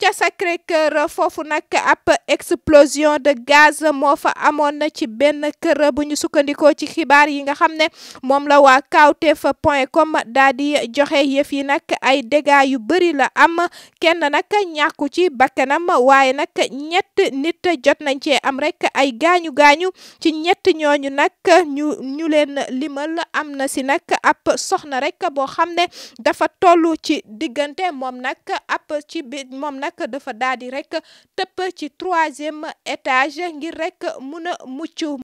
ca Sacré-Cœur foofu nag ab explosion de gaz moo fa amoon ci benn kër bu ñu sukkandikoo ci xibaar yi nga xam ne moom la waa kawtef point com daal di joxe yëf yi nag ay dégâts yu bëri la am kenn nag ñàkku ci bakkanam waaye nag ñett nit jot nañ cee am rek ay gaañu gaañu ci ñett ñooñu nag ñu ñu leen limal am na si nag ab soxna rek boo xam ne dafa toll ci diggante moom nag app ci bi moom nag nag dafa daal di rek tëpp ci troisième étage ngir rek mun a mucc.